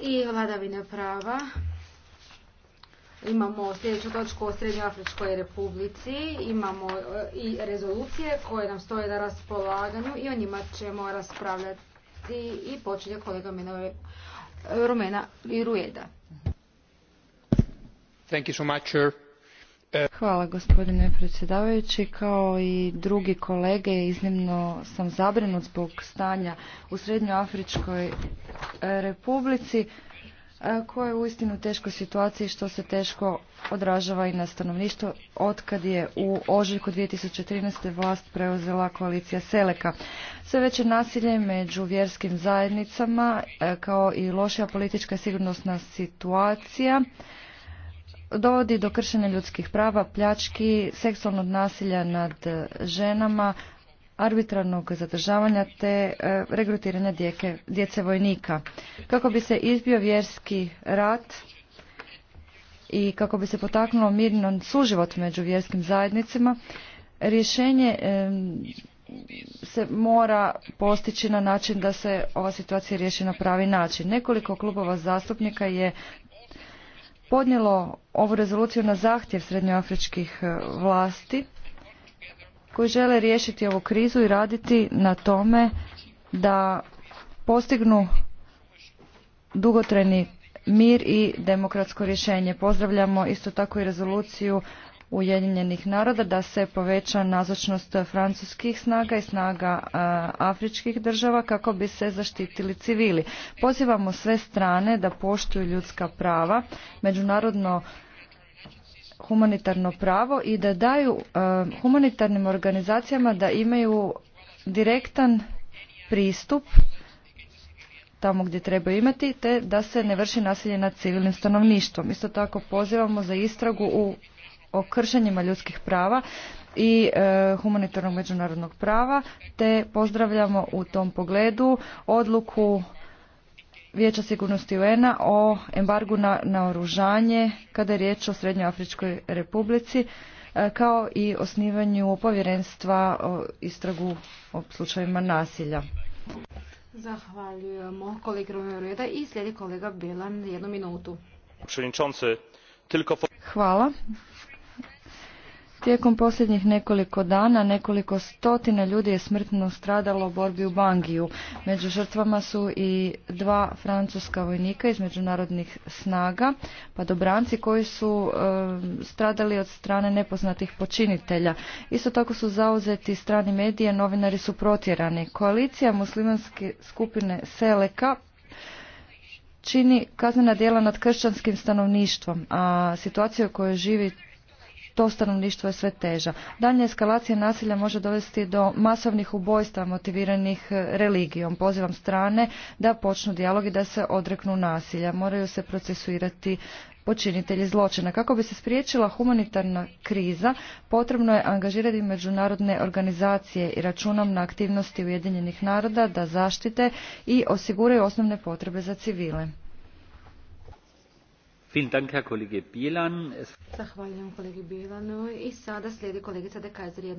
i vladavina prava. Imamo sljedeću točku o Srednjoafričkoj republici, imamo e, i rezolucije koje nam stoje na raspolaganju i o njima ćemo raspravljati i počinje kolega Menove i Rueda. Hvala gospodine predsjedavajući. Kao i drugi kolege iznimno sam zabrinut zbog stanja u Srednjoafričkoj e, republici e, koja je u istinu teškoj situaciji što se teško odražava i na stanovništvo otkad je u ožujku 2013. vlast preuzela koalicija Seleka. Sve veće nasilje među vjerskim zajednicama e, kao i lošija politička sigurnosna situacija dovodi do kršenja ljudskih prava, pljački, seksualnog nasilja nad e, ženama, arbitrarnog zadržavanja te e, regrutiranja djece vojnika. Kako bi se izbio vjerski rat i kako bi se potaknulo mirno suživot među vjerskim zajednicama, rješenje e, se mora postići na način da se ova situacija riješi na pravi način. Nekoliko klubova zastupnika je podnijelo ovu rezoluciju na zahtjev srednjoafričkih e, vlasti koji žele riješiti ovu krizu i raditi na tome da postignu dugotrajni mir i demokratsko rješenje. Pozdravljamo isto tako i rezoluciju Ujedinjenih naroda da se poveća nazočnost francuskih snaga i snaga afričkih država kako bi se zaštitili civili. Pozivamo sve strane da poštuju ljudska prava, međunarodno humanitarno pravo i da daju humanitarnim organizacijama da imaju direktan pristup tamo gdje treba imati, te da se ne vrši nasilje nad civilnim stanovništvom. Isto tako pozivamo za istragu u o kršenjima ljudskih prava i e, humanitarnog međunarodnog prava te pozdravljamo u tom pogledu odluku Vijeća sigurnosti UN-a o embargu na oružanje kada je riječ o Srednjoafričkoj republici e, kao i osnivanju povjerenstva o istragu o slučajevima nasilja. Zahvaljujemo kolegi i slijedi kolega Bilan jednu minutu. Hvala. Tijekom posljednjih nekoliko dana nekoliko stotina ljudi je smrtno stradalo u borbi u Bangiju. Među žrtvama su i dva francuska vojnika iz međunarodnih snaga, pa dobranci koji su stradali od strane nepoznatih počinitelja. Isto tako su zauzeti strani medije, novinari su protjerani. Koalicija muslimanske skupine Seleka čini kaznena djela nad kršćanskim stanovništvom, a situacija u kojoj živi to stanovništvo je sve teža. Daljnja eskalacija nasilja može dovesti do masovnih ubojstva motiviranih e, religijom. Pozivam strane da počnu dijalog i da se odreknu nasilja. Moraju se procesuirati počinitelji zločina. Kako bi se spriječila humanitarna kriza, potrebno je angažirati međunarodne organizacije i računom na aktivnosti Ujedinjenih naroda da zaštite i osiguraju osnovne potrebe za civile. Zahvaljujem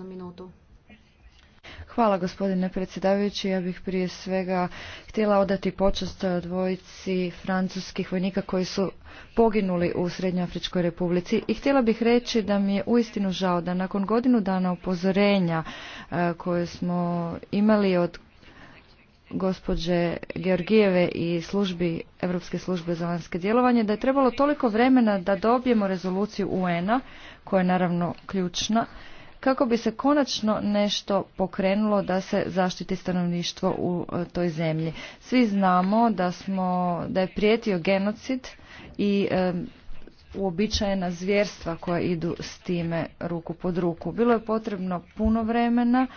minutu. Hvala gospodine predsjedavajući. Ja bih prije svega htjela odati počast dvojici francuskih vojnika koji su poginuli u Srednjoafričkoj republici i htjela bih reći da mi je uistinu žao da nakon godinu dana upozorenja eh, koje smo imali od gospođe Georgijeve i službi Europske službe za vanjske djelovanje da je trebalo toliko vremena da dobijemo rezoluciju UN-a koja je naravno ključna kako bi se konačno nešto pokrenulo da se zaštiti stanovništvo u e, toj zemlji. Svi znamo da smo da je prijetio genocid i e, uobičajena zvjerstva koja idu s time ruku pod ruku. Bilo je potrebno puno vremena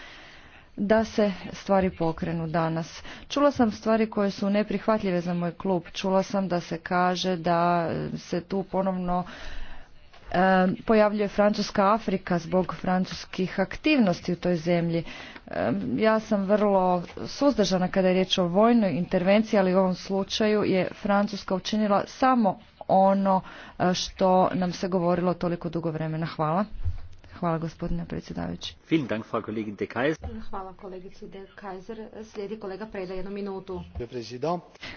da se stvari pokrenu danas. Čula sam stvari koje su neprihvatljive za moj klub. Čula sam da se kaže da se tu ponovno pojavljuje Francuska Afrika zbog francuskih aktivnosti u toj zemlji. ja sam vrlo suzdržana kada je riječ o vojnoj intervenciji, ali u ovom slučaju je Francuska učinila samo ono e, što nam se govorilo toliko dugo vremena. Hvala. Hvala gospodine predsjedavajući. Hvala kolegici De Slijedi kolega Preda jednu minutu.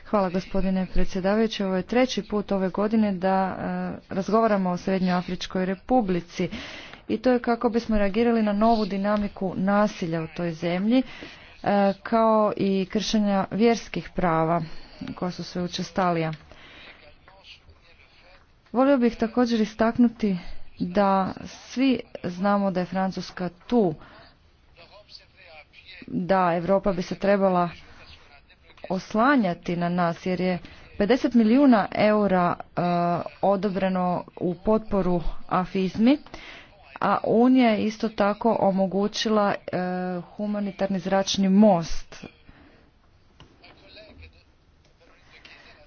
Hvala gospodine predsjedavajući. Ovo je treći put ove godine da eh, razgovaramo o Srednjoafričkoj republici i to je kako bismo reagirali na novu dinamiku nasilja u toj zemlji eh, kao i kršenja vjerskih prava koja su sve učestalija. Volio bih također istaknuti da svi znamo da je Francuska tu, da Europa bi se trebala oslanjati na nas jer je 50 milijuna eura eh, odobreno u potporu afizmi, a Unija je isto tako omogućila eh, humanitarni zračni most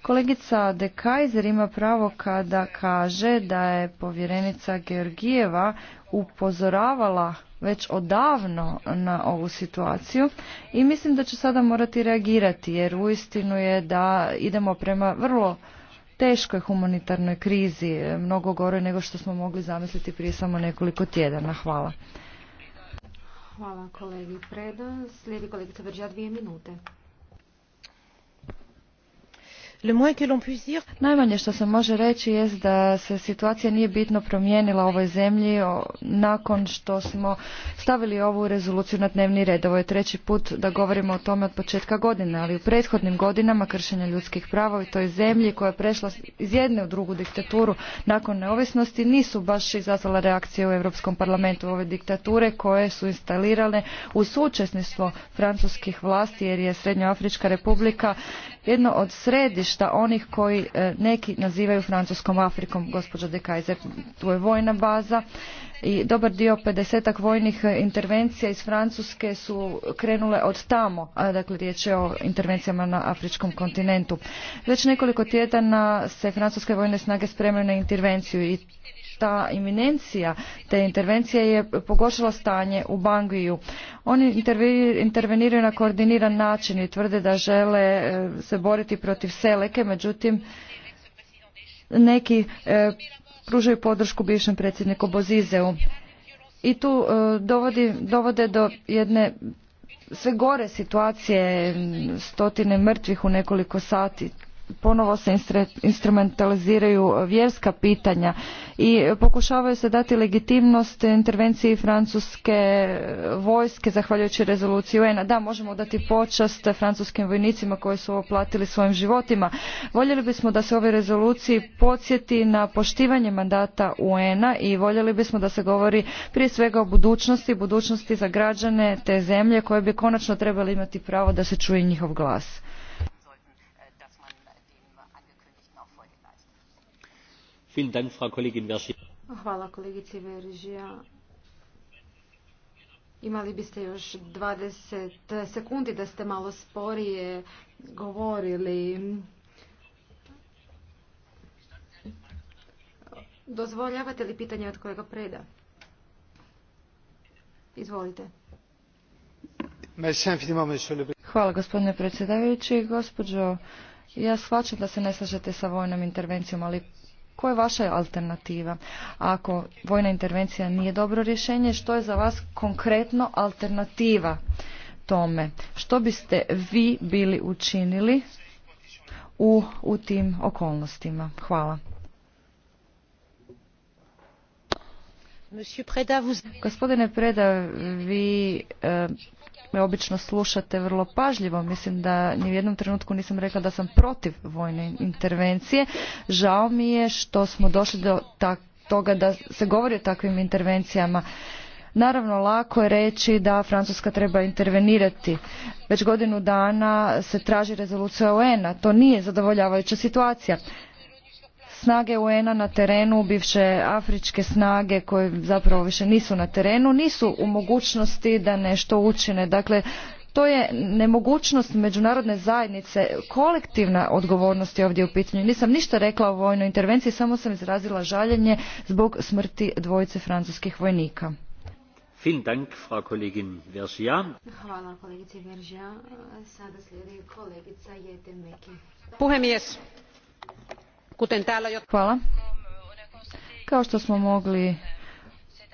Kolegica De Kaiser ima pravo kada kaže da je povjerenica Georgijeva upozoravala već odavno na ovu situaciju i mislim da će sada morati reagirati jer uistinu je da idemo prema vrlo teškoj humanitarnoj krizi, mnogo gore nego što smo mogli zamisliti prije samo nekoliko tjedana. Hvala. Hvala kolegi Preda. Slijedi kolegica Brđa dvije minute. Najmanje što se može reći je da se situacija nije bitno promijenila u ovoj zemlji nakon što smo stavili ovu rezoluciju na dnevni red. Ovo je treći put da govorimo o tome od početka godine, ali u prethodnim godinama kršenja ljudskih prava u toj zemlji koja je prešla iz jedne u drugu diktaturu nakon neovisnosti nisu baš izazvala reakcije u Europskom parlamentu ove diktature koje su instalirane u sučesništvo francuskih vlasti jer je Srednjoafrička republika jedno od središta stajališta onih koji e, neki nazivaju Francuskom Afrikom, gospođo de Kaiser. Tu je vojna baza i dobar dio 50 vojnih e, intervencija iz Francuske su krenule od tamo, dakle riječ je o intervencijama na afričkom kontinentu. Već nekoliko tjedana se francuske vojne snage spremaju na intervenciju i ta iminencija te intervencije je pogoršala stanje u Bangiju. Oni interveniraju na koordiniran način i tvrde da žele e, se boriti protiv Seleke, međutim neki e, pružaju podršku bivšem predsjedniku Bozizeu. I tu e, dovodi, dovode do jedne sve gore situacije, stotine mrtvih u nekoliko sati ponovo se instrumentaliziraju vjerska pitanja i pokušavaju se dati legitimnost intervenciji francuske vojske zahvaljujući rezoluciji UN-a. Da, možemo dati počast francuskim vojnicima koji su ovo platili svojim životima. Voljeli bismo da se ovoj rezoluciji podsjeti na poštivanje mandata UN-a i voljeli bismo da se govori prije svega o budućnosti, budućnosti za građane te zemlje koje bi konačno trebali imati pravo da se čuje njihov glas. Hvala kolegici Imali biste još 20 sekundi da ste malo sporije govorili. Dozvoljavate li pitanje od kojega preda? Izvolite. Hvala gospodine predsjedavajući. Gospođo, ja shvaćam da se ne slažete sa vojnom intervencijom, ali koja je vaša alternativa? Ako vojna intervencija nije dobro rješenje, što je za vas konkretno alternativa tome? Što biste vi bili učinili u, u tim okolnostima? Hvala. Gospodine Preda, vi eh, me obično slušate vrlo pažljivo. Mislim da ni u jednom trenutku nisam rekla da sam protiv vojne intervencije. Žao mi je što smo došli do toga da se govori o takvim intervencijama. Naravno, lako je reći da Francuska treba intervenirati. Već godinu dana se traži rezolucija UN-a. To nije zadovoljavajuća situacija snage UN-a na terenu, bivše afričke snage koje zapravo više nisu na terenu, nisu u mogućnosti da nešto učine. Dakle, to je nemogućnost međunarodne zajednice, kolektivna odgovornost je ovdje u pitanju. Nisam ništa rekla o vojnoj intervenciji, samo sam izrazila žaljenje zbog smrti dvojice francuskih vojnika. Hvala kolegica kao što smo mogli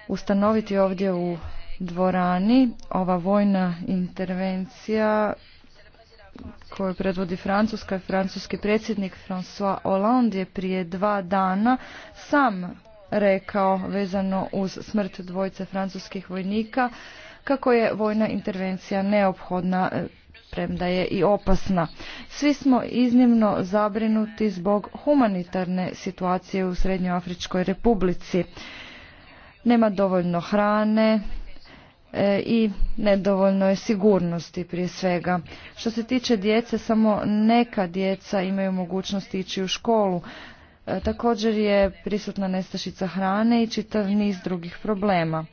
ustanoviti ovdje u dvorani, ova vojna intervencija koju predvodi Francuska i francuski predsjednik François Hollande je prije dva dana sam rekao vezano uz smrt dvojice francuskih vojnika kako je vojna intervencija neophodna e, premda je i opasna. Svi smo iznimno zabrinuti zbog humanitarne situacije u Srednjoafričkoj republici. Nema dovoljno hrane, e, i nedovoljno je sigurnosti prije svega. Što se tiče djece, samo neka djeca imaju mogućnost ići u školu. E, također je prisutna nestašica hrane i čitav niz drugih problema.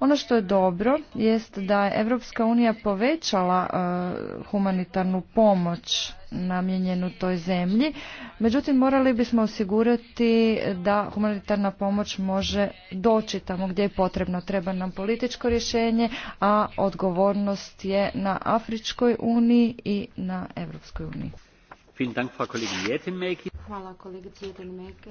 Ono što je dobro jest da je Europska unija povećala e, humanitarnu pomoć namijenjenu toj zemlji. Međutim, morali bismo osigurati da humanitarna pomoć može doći tamo gdje je potrebno. Treba nam političko rješenje, a odgovornost je na Afričkoj uniji i na Europskoj uniji. Hvala kolegici Meke.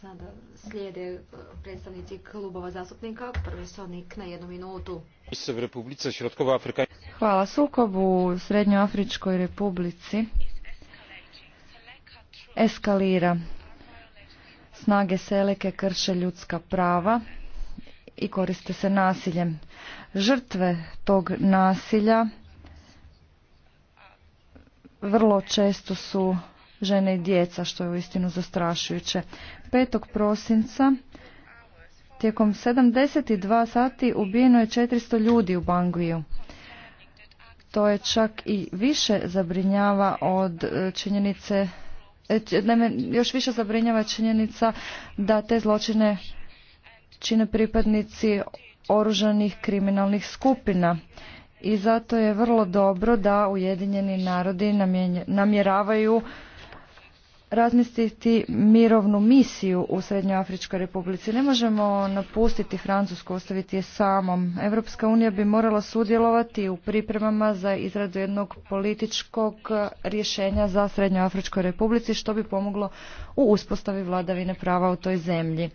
Sada slijede e, predstavnici klubova zastupnika. Prvi sonik na jednu minutu. Hvala. Sukob u Srednjoafričkoj republici eskalira. Snage Seleke krše ljudska prava i koriste se nasiljem. Žrtve tog nasilja vrlo često su žene i djeca, što je uistinu zastrašujuće. 5. prosinca tijekom 72 sati ubijeno je 400 ljudi u Bangviju. To je čak i više zabrinjava od e, činjenice e, još više zabrinjava činjenica da te zločine čine pripadnici oružanih kriminalnih skupina i zato je vrlo dobro da Ujedinjeni narodi namjeravaju razmisliti mirovnu misiju u Srednjoafričkoj republici. Ne možemo napustiti Francusku, ostaviti je samom. Evropska unija bi morala sudjelovati u pripremama za izradu jednog političkog rješenja za Srednjoafričkoj republici, što bi pomoglo u uspostavi vladavine prava u toj zemlji.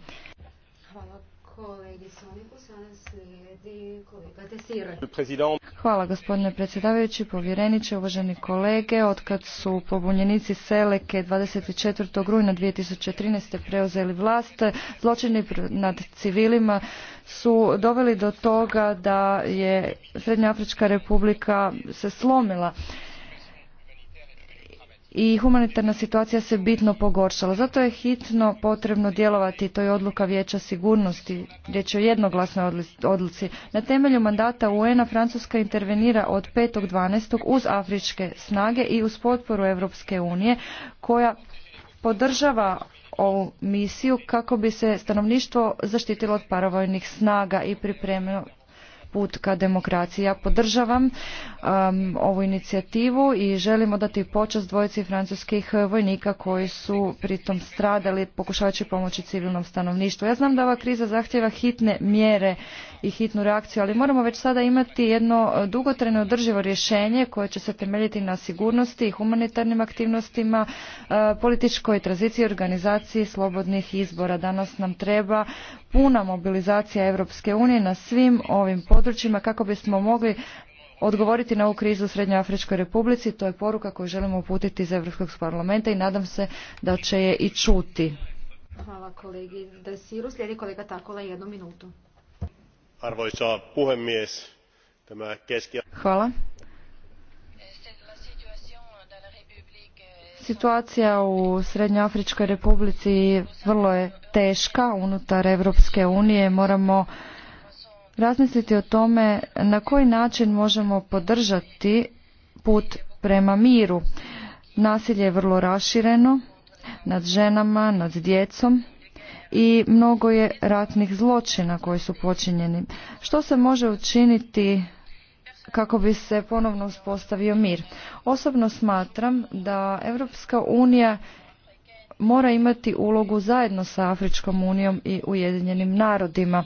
Hvala gospodine predsjedavajući, povjereniče, uvaženi kolege. Otkad su pobunjenici Seleke 24. rujna 2013. preuzeli vlast, zločini nad civilima su doveli do toga da je Srednja Afrička republika se slomila i humanitarna situacija se bitno pogoršala. Zato je hitno potrebno djelovati, to je odluka Vijeća sigurnosti, riječ je o jednoglasnoj odluci. Na temelju mandata UN-a Francuska intervenira od 5.12. uz afričke snage i uz potporu Europske unije koja podržava ovu misiju kako bi se stanovništvo zaštitilo od paravojnih snaga i pripremilo put ka demokraciji. Ja podržavam um, ovu inicijativu i želimo dati počast dvojici francuskih vojnika koji su pritom stradali pokušavajući pomoći civilnom stanovništvu. Ja znam da ova kriza zahtjeva hitne mjere i hitnu reakciju, ali moramo već sada imati jedno dugotrajno održivo rješenje koje će se temeljiti na sigurnosti i humanitarnim aktivnostima, uh, političkoj tranziciji i organizaciji slobodnih izbora. Danas nam treba puna mobilizacija Europske unije na svim ovim područjima područjima kako bismo mogli odgovoriti na ovu krizu u Srednjoafričkoj republici. To je poruka koju želimo uputiti iz Europskog parlamenta i nadam se da će je i čuti. Hvala kolegi Situacija u Srednjoafričkoj republici vrlo je teška unutar Evropske unije. Moramo razmisliti o tome na koji način možemo podržati put prema miru. Nasilje je vrlo rašireno nad ženama, nad djecom i mnogo je ratnih zločina koji su počinjeni. Što se može učiniti kako bi se ponovno uspostavio mir? Osobno smatram da Europska unija mora imati ulogu zajedno sa Afričkom unijom i Ujedinjenim narodima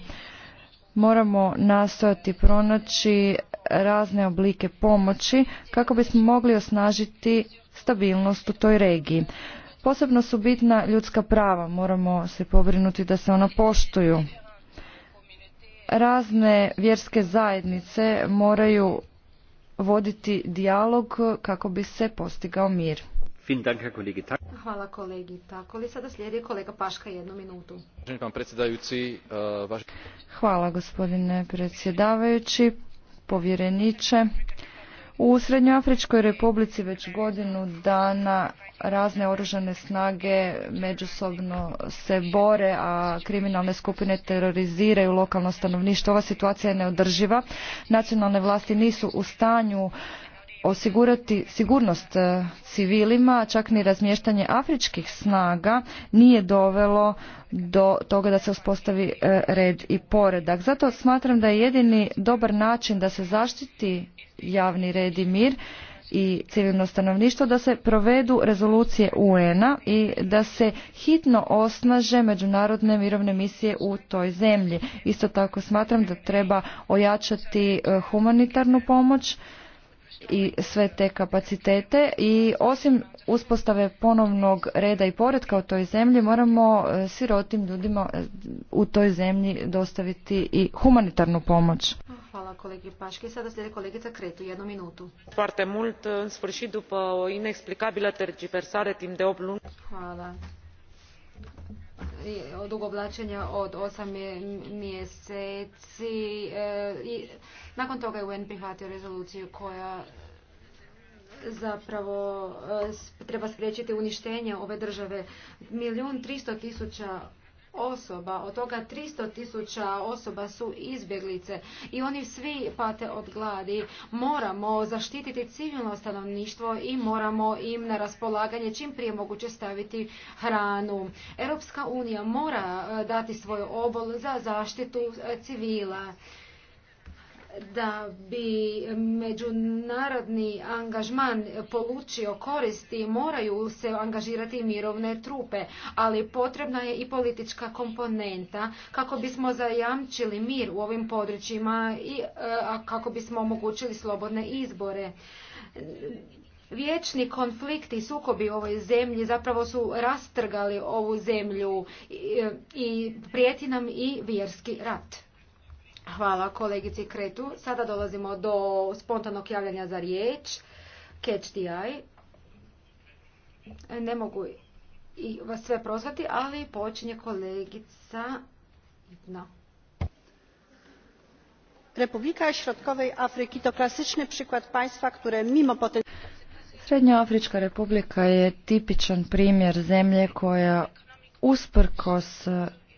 moramo nastojati pronaći razne oblike pomoći kako bismo mogli osnažiti stabilnost u toj regiji. Posebno su bitna ljudska prava, moramo se pobrinuti da se ona poštuju. Razne vjerske zajednice moraju voditi dijalog kako bi se postigao mir. Hvala kolegi Sada slijedi kolega jednu minutu. E, Hvala gospodine predsjedavajući, povjereniče. U Srednjoafričkoj republici već godinu dana razne oružane snage međusobno se bore, a kriminalne skupine teroriziraju lokalno stanovništvo. Ova situacija je neodrživa. Nacionalne vlasti nisu u stanju osigurati sigurnost e, civilima, čak ni razmještanje afričkih snaga nije dovelo do toga da se uspostavi e, red i poredak. Zato smatram da je jedini dobar način da se zaštiti javni red i mir i civilno stanovništvo da se provedu rezolucije UN-a i da se hitno osnaže međunarodne mirovne misije u toj zemlji. Isto tako smatram da treba ojačati e, humanitarnu pomoć i sve te kapacitete i osim uspostave ponovnog reda i poretka u toj zemlji moramo e, sirotim ljudima e, u toj zemlji dostaviti i humanitarnu pomoć. Hvala kolegi Paški. Sada slijede kolegica Kretu, jednu minutu. Foarte mult, în sfârșit, după o inexplicabilă tergiversare Hvala odugovlačenja od osam mjeseci e, i nakon toga je UN prihvatio rezoluciju koja zapravo e, treba spriječiti uništenje ove države. Milijun tristo tisuća osoba, od toga 300 tisuća osoba su izbjeglice i oni svi pate od gladi. Moramo zaštititi civilno stanovništvo i moramo im na raspolaganje čim prije moguće staviti hranu. Europska unija mora eh, dati svoj obol za zaštitu eh, civila da bi međunarodni angažman polučio koristi moraju se angažirati mirovne trupe, ali potrebna je i politička komponenta kako bismo zajamčili mir u ovim područjima i e, kako bismo omogućili slobodne izbore. Vječni konflikti i sukobi u ovoj zemlji zapravo su rastrgali ovu zemlju i e, prijeti nam i vjerski rat. Hvala kolegici Kretu. Sada dolazimo do spontanog javljanja za riječ. Catch the eye. Ne mogu vas sve prozvati, ali počinje kolegica Ivna. Republika Środkowej Afryki to klasyczny przykład państwa, które mimo srednja Srednjoafrička republika je tipičan primjer zemlje koja usprkos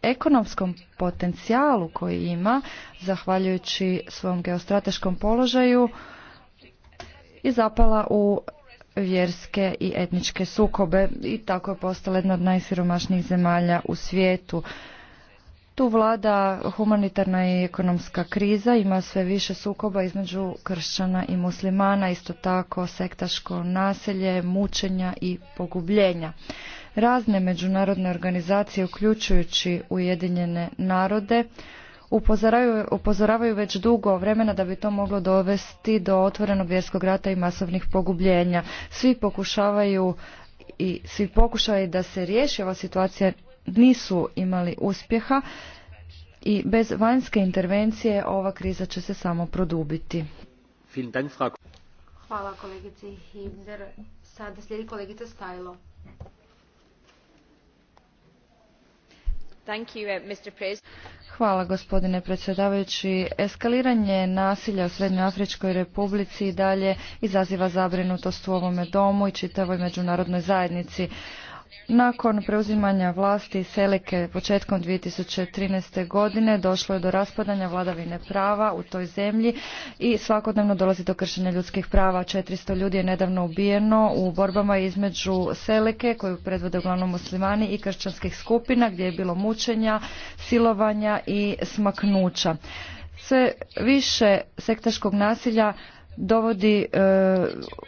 ekonomskom potencijalu koji ima, zahvaljujući svom geostrateškom položaju, i zapala u vjerske i etničke sukobe i tako je postala jedna od najsiromašnijih zemalja u svijetu. Tu vlada humanitarna i ekonomska kriza, ima sve više sukoba između kršćana i muslimana, isto tako sektaško naselje, mučenja i pogubljenja. Razne međunarodne organizacije, uključujući Ujedinjene narode, upozoravaju, već dugo vremena da bi to moglo dovesti do otvorenog vjerskog rata i masovnih pogubljenja. Svi pokušavaju i svi pokušaji da se riješi ova situacija nisu imali uspjeha i bez vanjske intervencije ova kriza će se samo produbiti. Hvala kolegici Sada slijedi kolegica Stajlo. Uh, Hvala gospodine predsjedavajući. Eskaliranje nasilja u Srednjoafričkoj republici i dalje izaziva zabrinutost u ovome domu i čitavoj međunarodnoj zajednici. Nakon preuzimanja vlasti Seleke početkom 2013. godine došlo je do raspadanja vladavine prava u toj zemlji i svakodnevno dolazi do kršenja ljudskih prava. 400 ljudi je nedavno ubijeno u borbama između Seleke koju predvode uglavnom muslimani i kršćanskih skupina gdje je bilo mučenja, silovanja i smaknuća. Sve više sektaškog nasilja dovodi e,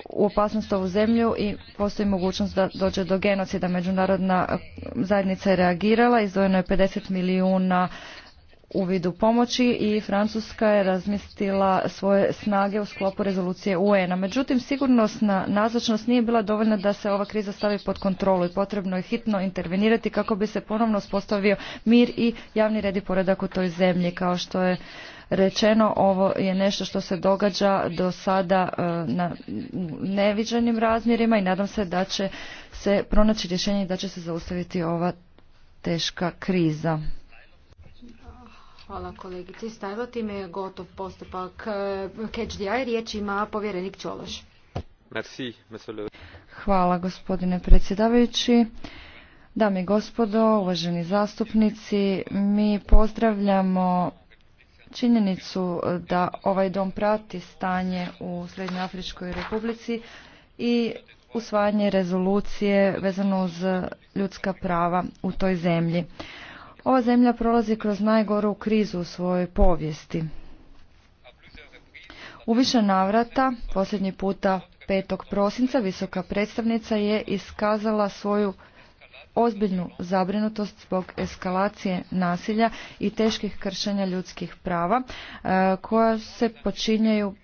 u opasnost ovu zemlju i postoji mogućnost da dođe do genocida. Međunarodna zajednica je reagirala, izdvojeno je 50 milijuna u vidu pomoći i Francuska je razmistila svoje snage u sklopu rezolucije UN-a. Međutim, sigurnosna nazočnost nije bila dovoljna da se ova kriza stavi pod kontrolu i potrebno je hitno intervenirati kako bi se ponovno uspostavio mir i javni red i poredak u toj zemlji, kao što je rečeno, ovo je nešto što se događa do sada e, na neviđenim razmjerima i nadam se da će se pronaći rješenje i da će se zaustaviti ova teška kriza. Hvala kolegici Stajlo, time je gotov postupak e, Catch the Eye, ima povjerenik Čološ. Hvala gospodine predsjedavajući. Dame i gospodo, uvaženi zastupnici, mi pozdravljamo činjenicu e, da ovaj dom prati stanje u Srednjoafričkoj republici i usvajanje rezolucije vezano uz ljudska prava u toj zemlji. Ova zemlja prolazi kroz najgoru krizu u svojoj povijesti. U više navrata, posljednji puta 5. prosinca, visoka predstavnica je iskazala svoju ozbiljnu zabrinutost zbog eskalacije nasilja i teških kršenja ljudskih prava e, koja se počinjaju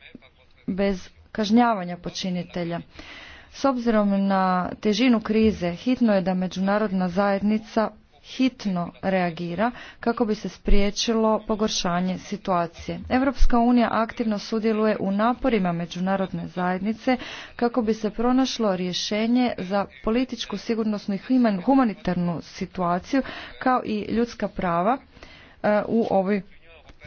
bez kažnjavanja počinitelja. S obzirom na težinu krize, hitno je da međunarodna zajednica hitno reagira kako bi se spriječilo pogoršanje situacije. Europska unija aktivno sudjeluje u naporima međunarodne zajednice kako bi se pronašlo rješenje za političku, sigurnosnu i humanitarnu situaciju kao i ljudska prava e, u ovoj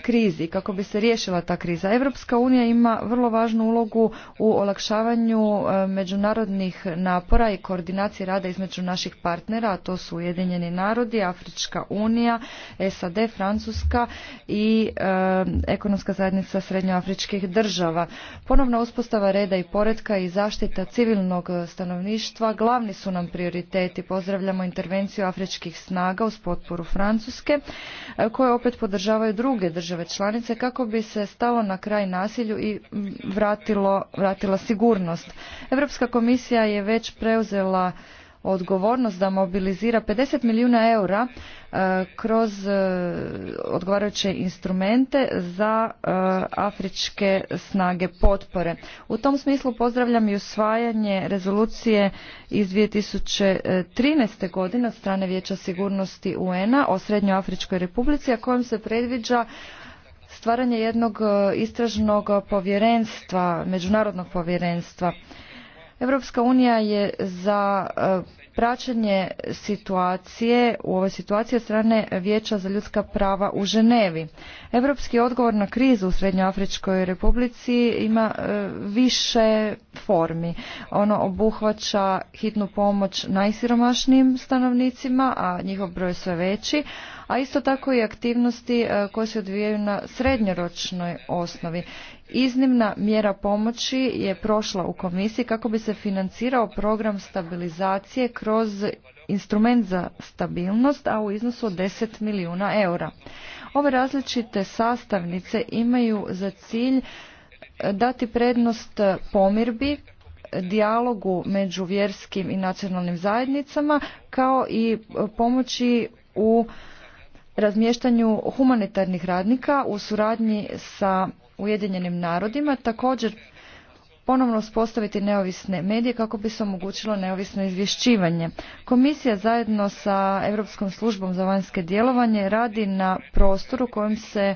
krizi, kako bi se riješila ta kriza. Evropska unija ima vrlo važnu ulogu u olakšavanju e, međunarodnih napora i koordinaciji rada između naših partnera, a to su Ujedinjeni narodi, Afrička unija, SAD, Francuska i e, ekonomska zajednica srednjoafričkih država. Ponovna uspostava reda i poretka i zaštita civilnog stanovništva glavni su nam prioriteti. Pozdravljamo intervenciju afričkih snaga uz potporu Francuske, e, koje opet podržavaju druge države države članice kako bi se stalo na kraj nasilju i vratilo, vratila sigurnost. Europska komisija je već preuzela odgovornost da mobilizira 50 milijuna eura e, kroz e, odgovarajuće instrumente za e, afričke snage potpore. U tom smislu pozdravljam i usvajanje rezolucije iz 2013. godine od strane Vijeća sigurnosti UN-a o Srednjoafričkoj republici, a kojom se predviđa stvaranje jednog istražnog povjerenstva, međunarodnog povjerenstva Europska unija je za e, praćenje situacije u ovoj situaciji od strane Vijeća za ljudska prava u Ženevi. Europski odgovor na krizu u Srednjoafričkoj republici ima e, više formi. Ono obuhvaća hitnu pomoć najsiromašnijim stanovnicima, a njihov broj sve veći, a isto tako i aktivnosti e, koje se odvijaju na srednjoročnoj osnovi. Iznimna mjera pomoći je prošla u komisiji kako bi se financirao program stabilizacije kroz instrument za stabilnost, a u iznosu od 10 milijuna eura. Ove različite sastavnice imaju za cilj e, dati prednost pomirbi, dijalogu među vjerskim i nacionalnim zajednicama, kao i pomoći u razmještanju humanitarnih radnika u suradnji sa Ujedinjenim narodima, također ponovno uspostaviti neovisne medije kako bi se omogućilo neovisno izvješćivanje. Komisija zajedno sa Europskom službom za vanjske djelovanje radi na prostoru kojem se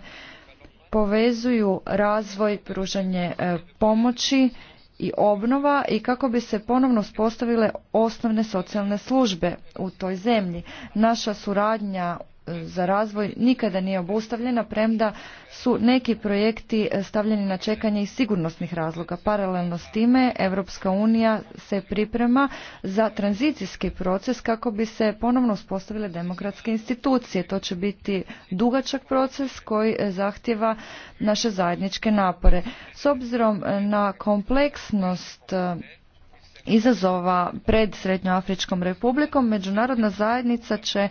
povezuju razvoj, pružanje e, pomoći i obnova i kako bi se ponovno uspostavile osnovne socijalne službe u toj zemlji. Naša suradnja za razvoj nikada nije obustavljena, premda su neki projekti e, stavljeni na čekanje iz sigurnosnih razloga. Paralelno s time, Evropska unija se priprema za tranzicijski proces kako bi se ponovno uspostavile demokratske institucije. To će biti dugačak proces koji e, zahtjeva naše zajedničke napore. S obzirom e, na kompleksnost izazova pred Srednjoafričkom republikom, međunarodna zajednica će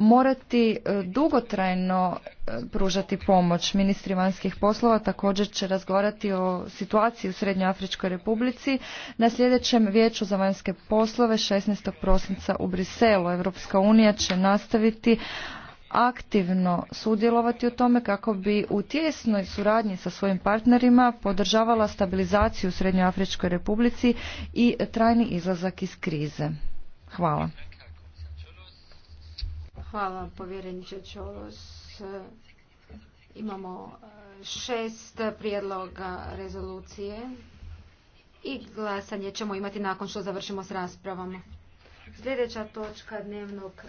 morati e, dugotrajno e, pružati pomoć. Ministri vanjskih poslova također će razgovarati o situaciji u Srednjoafričkoj republici na sljedećem vijeću za vanjske poslove 16. prosinca u Briselu. Europska unija će nastaviti aktivno sudjelovati u tome kako bi u tjesnoj suradnji sa svojim partnerima podržavala stabilizaciju u Srednjoafričkoj republici i trajni izlazak iz krize. Hvala. Hvala povjereniče Čolos. Imamo šest prijedloga rezolucije i glasanje ćemo imati nakon što završimo s raspravom. Sljedeća točka dnevnog